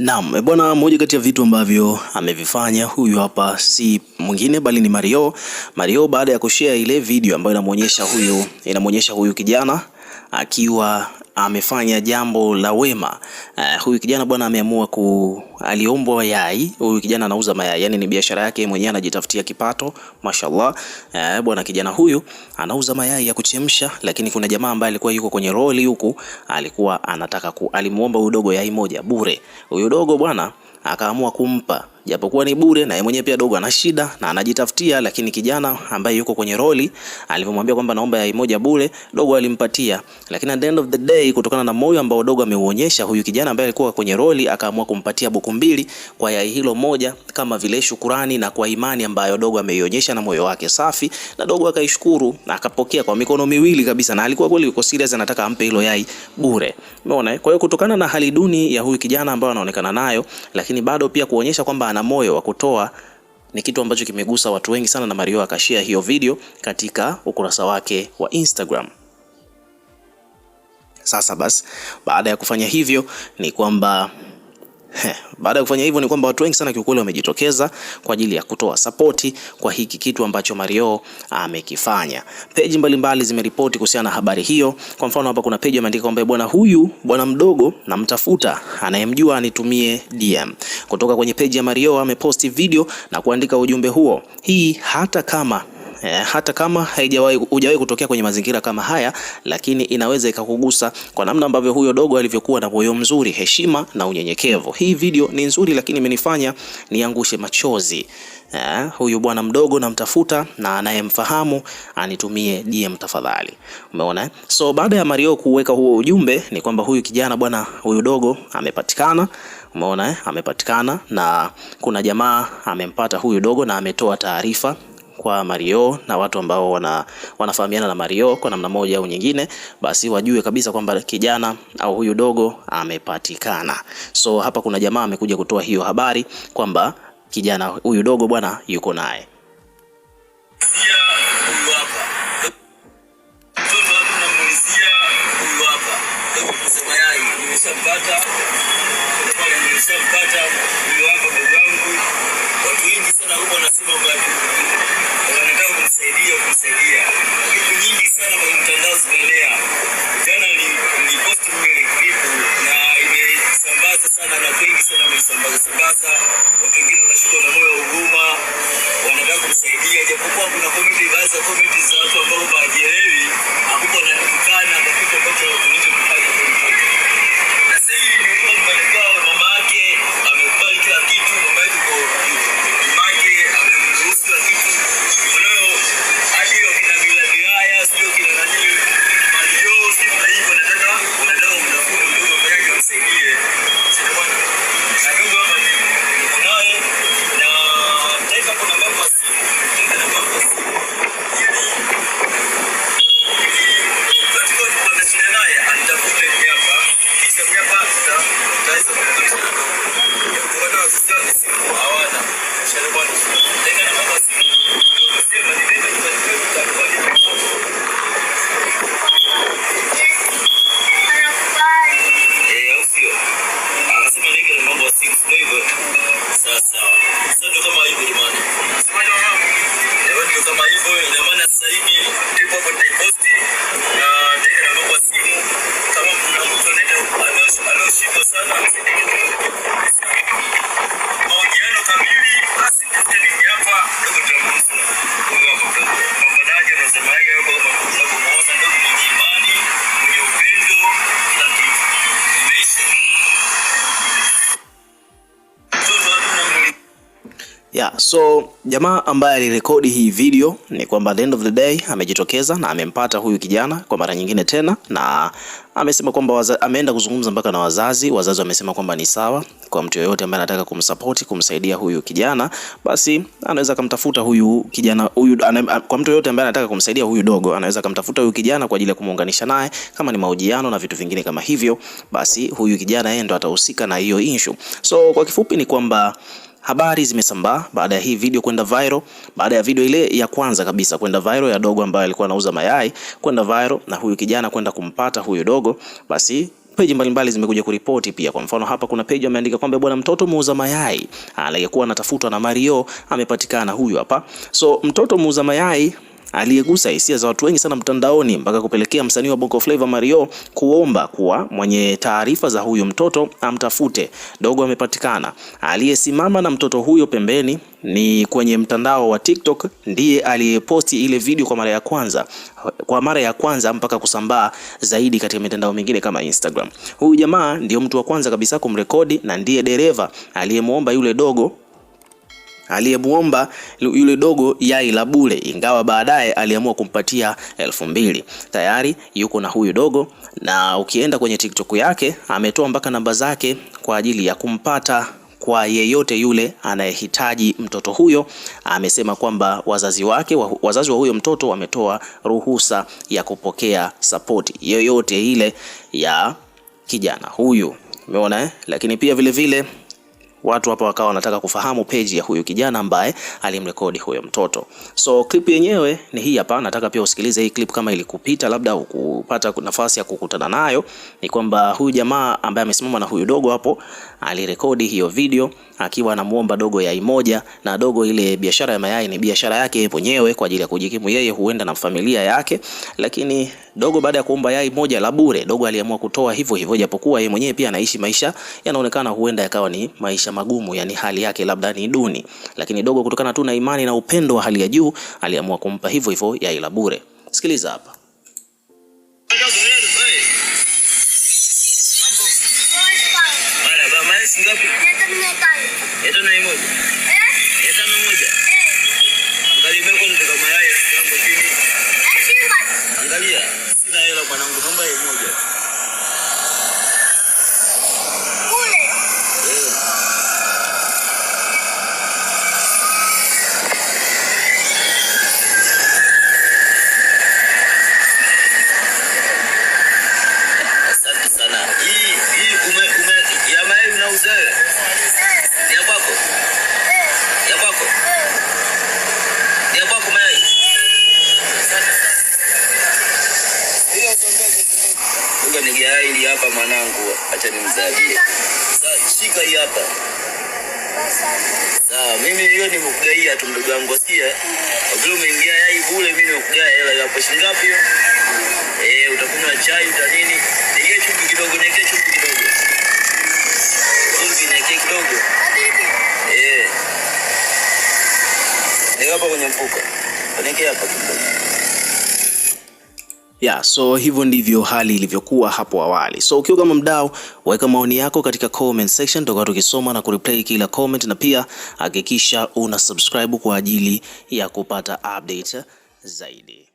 Naam, eh, bwana, moja kati ya vitu ambavyo amevifanya huyu hapa si mwingine bali ni Mario. Mario baada ya kushare ile video ambayo inamuonyesha huyu inamuonyesha huyu kijana akiwa amefanya jambo la wema. Uh, huyu kijana bwana ameamua ku aliombwa yai. Huyu kijana anauza mayai, yani ni biashara yake mwenyewe, anajitafutia kipato mashallah. Uh, bwana kijana huyu anauza mayai ya kuchemsha, lakini kuna jamaa ambaye alikuwa yuko kwenye roli huku, alikuwa anataka ku alimuomba huyu dogo yai moja bure. Huyu dogo bwana akaamua kumpa japokuwa ni bure, na yeye mwenyewe pia dogo ana shida na anajitafutia. Lakini kijana ambaye yuko kwenye roli alivyomwambia kwamba naomba yai moja bure, dogo alimpatia. Lakini at the end of the day, kutokana na moyo ambao dogo ameuonyesha, huyu kijana ambaye alikuwa kwenye roli akaamua kumpatia buku mbili kwa yai hilo moja, kama vile shukurani na kwa imani ambayo dogo ameionyesha na moyo wake safi, na dogo akaishukuru na akapokea kwa mikono miwili kabisa, na alikuwa kweli yuko serious, anataka ampe hilo yai bure. Umeona? Kwa hiyo kutokana na hali duni ya huyu kijana ambaye anaonekana nayo, lakini bado pia kuonyesha kwamba ana moyo wa kutoa ni kitu ambacho kimegusa watu wengi sana, na Mario akashia hiyo video katika ukurasa wake wa Instagram. Sasa basi, baada ya kufanya hivyo ni kwamba Heh, baada ya kufanya hivyo ni kwamba watu wengi sana kiukweli wamejitokeza kwa ajili ya kutoa sapoti kwa hiki kitu ambacho Mario amekifanya. Peji mbalimbali zimeripoti kuhusiana na habari hiyo. Kwa mfano hapa kuna peji imeandika kwamba bwana huyu bwana mdogo namtafuta, anayemjua anitumie DM. Kutoka kwenye peji ya Mario ameposti video na kuandika ujumbe huo, hii hata kama eh, hata kama haijawahi hujawahi kutokea kwenye mazingira kama haya, lakini inaweza ikakugusa kwa namna ambavyo huyo dogo alivyokuwa na moyo mzuri, heshima na unyenyekevu. Hii video ni nzuri, lakini imenifanya niangushe machozi. Eh, huyu bwana mdogo namtafuta na anayemfahamu anitumie DM tafadhali. Umeona? Eh? So baada ya Mario kuweka huo ujumbe ni kwamba huyu kijana bwana, huyu dogo amepatikana. Umeona eh? Amepatikana na kuna jamaa amempata huyu dogo na ametoa taarifa kwa Mario na watu ambao wana, wanafahamiana na Mario kwa namna moja au nyingine, basi wajue kabisa kwamba kijana au huyu dogo amepatikana. So hapa kuna jamaa amekuja kutoa hiyo habari kwamba kijana huyu dogo bwana yuko naye. coisa, eu vou me dizendo, eu So jamaa ambaye alirekodi hii video ni kwamba the end of the day amejitokeza na amempata huyu kijana kwa mara nyingine tena, na amesema kwamba ameenda kuzungumza mpaka na wazazi. Wazazi wamesema kwamba ni sawa kwa mtu yoyote ambaye anataka kumsupport, kumsaidia huyu kijana, basi anaweza kumtafuta huyu kijana huyu, kwa mtu yoyote ambaye anataka kumsaidia huyu dogo, anaweza kumtafuta huyu kijana kwa ajili ya kumuunganisha naye, kama ni mahojiano na vitu vingine kama hivyo, basi huyu kijana yeye ndo atahusika na hiyo issue. So kwa kifupi ni kwamba Habari zimesambaa baada ya hii video kwenda viral, baada ya video ile ya kwanza kabisa kwenda viral ya dogo ambaye alikuwa anauza mayai kwenda viral na huyu kijana kwenda kumpata huyu dogo, basi peji mbalimbali zimekuja kuripoti pia. Kwa mfano hapa kuna peji ameandika kwamba bwana, mtoto muuza mayai aliyekuwa anatafutwa na Mario amepatikana, huyu hapa. So mtoto muuza mayai aliyegusa hisia za watu wengi sana mtandaoni mpaka kupelekea msanii wa Bongo Flava Mario kuomba kuwa mwenye taarifa za huyu mtoto amtafute. Dogo amepatikana. Aliyesimama na mtoto huyo pembeni ni kwenye mtandao wa TikTok ndiye aliyeposti ile video kwa mara ya kwanza, kwa mara ya kwanza mpaka kusambaa zaidi katika mitandao mingine kama Instagram. Huyu jamaa ndiyo mtu wa kwanza kabisa kumrekodi na ndiye dereva aliyemwomba yule dogo aliyemwomba yule dogo yai la bure, ingawa baadaye aliamua kumpatia elfu mbili. Tayari yuko na huyu dogo, na ukienda kwenye TikTok yake ametoa mpaka namba zake kwa ajili ya kumpata kwa yeyote yule anayehitaji mtoto huyo. Amesema kwamba wazazi wake wazazi wa huyo mtoto wametoa ruhusa ya kupokea sapoti yoyote ile ya kijana huyu, umeona eh? Lakini pia vilevile vile, watu hapa wakawa wanataka kufahamu peji ya huyu kijana ambaye alimrekodi huyo mtoto. So clip yenyewe ni hii hapa, nataka pia usikilize hii clip kama ilikupita, labda ukupata nafasi ya kukutana nayo. Ni kwamba huyu jamaa ambaye amesimama na huyu dogo hapo alirekodi hiyo video akiwa anamuomba dogo yai moja, na dogo, ile biashara ya mayai ni biashara yake mwenyewe kwa ajili ya kujikimu yeye, huenda na familia yake, lakini dogo baada ya kuomba yai moja la bure, dogo aliamua kutoa hivyo hivyo, japokuwa yeye mwenyewe pia anaishi maisha yanaonekana huenda yakawa ni maisha maisha magumu, yani hali yake labda ni duni, lakini dogo kutokana tu na imani na upendo wa hali ya juu aliamua kumpa hivyo hivyo yai la bure. Sikiliza hapa. ni hapa mwanangu, acha nimzabie. Sasa shika hii hapa. Sawa, mimi hiyo nimekugaia tu mdogo wangu Kwa Vile umeingia yai bure, mimi nimekugaia hela ya pesa ngapi hiyo? Eh, utakunywa chai uta nini? Nigie chumvi kidogo, nigie chumvi kidogo. Chumvi nigie kidogo. Eh. hapa kwenye mfuko. Nigie hapa kidogo. Yeah, so hivyo ndivyo hali ilivyokuwa hapo awali. So ukiwa kama mdau, weka maoni yako katika comment section, tutakuwa tukisoma na kureplay kila comment, na pia hakikisha una subscribe kwa ajili ya kupata update zaidi.